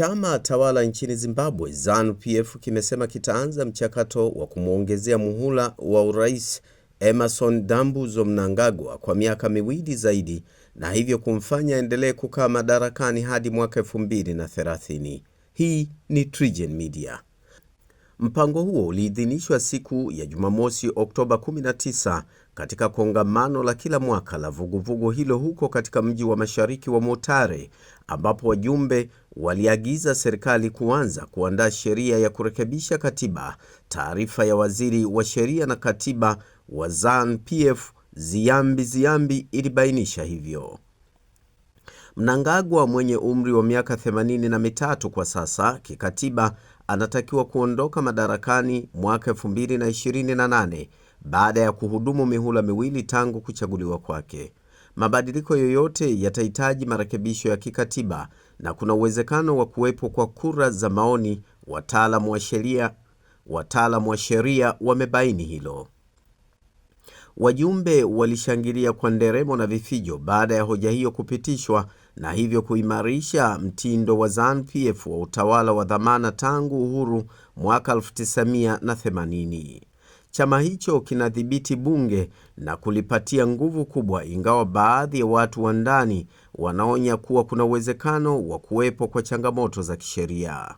Chama tawala nchini Zimbabwe ZANU PF kimesema kitaanza mchakato wa kumwongezea muhula wa urais Emerson Dambuzo Mnangagwa kwa miaka miwili zaidi na hivyo kumfanya endelee kukaa madarakani hadi mwaka 2030. Hii ni Trigen Media. Mpango huo uliidhinishwa siku ya Jumamosi Oktoba 19 katika kongamano la kila mwaka la vuguvugu vugu hilo huko katika mji wa mashariki wa Motare ambapo wajumbe waliagiza serikali kuanza kuandaa sheria ya kurekebisha katiba. Taarifa ya waziri wa sheria na katiba wa Zanu-PF Ziyambi Ziyambi ilibainisha hivyo. Mnangagwa mwenye umri wa miaka 83 kwa sasa kikatiba anatakiwa kuondoka madarakani mwaka 2028 baada ya kuhudumu mihula miwili tangu kuchaguliwa kwake mabadiliko yoyote yatahitaji marekebisho ya kikatiba na kuna uwezekano wa kuwepo kwa kura za maoni. Wataalamu wa sheria wataalamu wa sheria wamebaini hilo. Wajumbe walishangilia kwa nderemo na vifijo baada ya hoja hiyo kupitishwa na hivyo kuimarisha mtindo wa Zanu-PF wa utawala wa dhamana tangu uhuru mwaka 1980 chama hicho kinadhibiti bunge na kulipatia nguvu kubwa, ingawa baadhi ya watu wa ndani wanaonya kuwa kuna uwezekano wa kuwepo kwa changamoto za kisheria.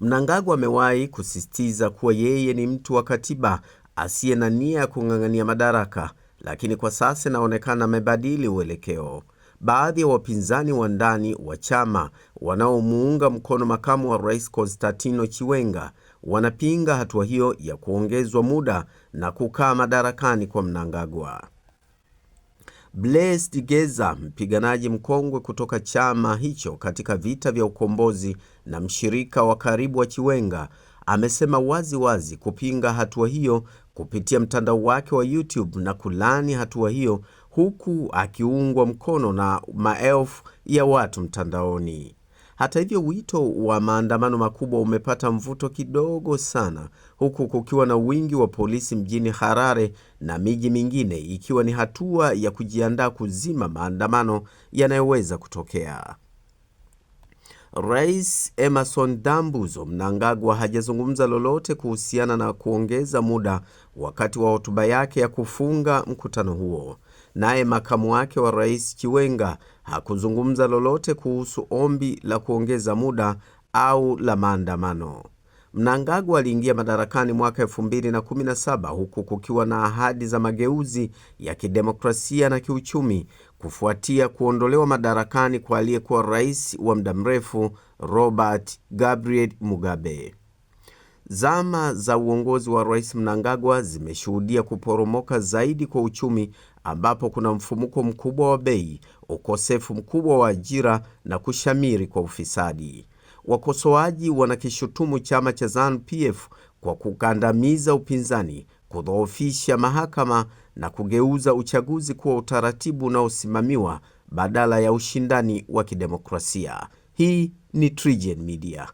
Mnangagwa amewahi kusisitiza kuwa yeye ni mtu wa katiba asiye na nia ya kung'ang'ania madaraka, lakini kwa sasa inaonekana amebadili uelekeo baadhi ya wapinzani wa ndani wa chama wanaomuunga mkono makamu wa rais Constantino Chiwenga wanapinga hatua hiyo ya kuongezwa muda na kukaa madarakani kwa Mnangagwa. Blaise Dugeza, mpiganaji mkongwe kutoka chama hicho katika vita vya ukombozi na mshirika wa karibu wa Chiwenga, amesema wazi wazi kupinga hatua hiyo kupitia mtandao wake wa YouTube na kulani hatua hiyo huku akiungwa mkono na maelfu ya watu mtandaoni. Hata hivyo, wito wa maandamano makubwa umepata mvuto kidogo sana, huku kukiwa na wingi wa polisi mjini Harare na miji mingine, ikiwa ni hatua ya kujiandaa kuzima maandamano yanayoweza kutokea. Rais Emerson Dambuzo Mnangagwa hajazungumza lolote kuhusiana na kuongeza muda wakati wa hotuba yake ya kufunga mkutano huo. Naye makamu wake wa rais Chiwenga hakuzungumza lolote kuhusu ombi la kuongeza muda au la maandamano. Mnangagwa aliingia madarakani mwaka 2017 huku kukiwa na ahadi za mageuzi ya kidemokrasia na kiuchumi kufuatia kuondolewa madarakani kwa aliyekuwa rais wa muda mrefu Robert Gabriel Mugabe. Zama za uongozi wa Rais Mnangagwa zimeshuhudia kuporomoka zaidi kwa uchumi ambapo kuna mfumuko mkubwa wa bei, ukosefu mkubwa wa ajira na kushamiri kwa ufisadi. Wakosoaji wanakishutumu chama cha ZANU-PF kwa kukandamiza upinzani, kudhoofisha mahakama na kugeuza uchaguzi kuwa utaratibu unaosimamiwa badala ya ushindani wa kidemokrasia. Hii ni TriGen Media.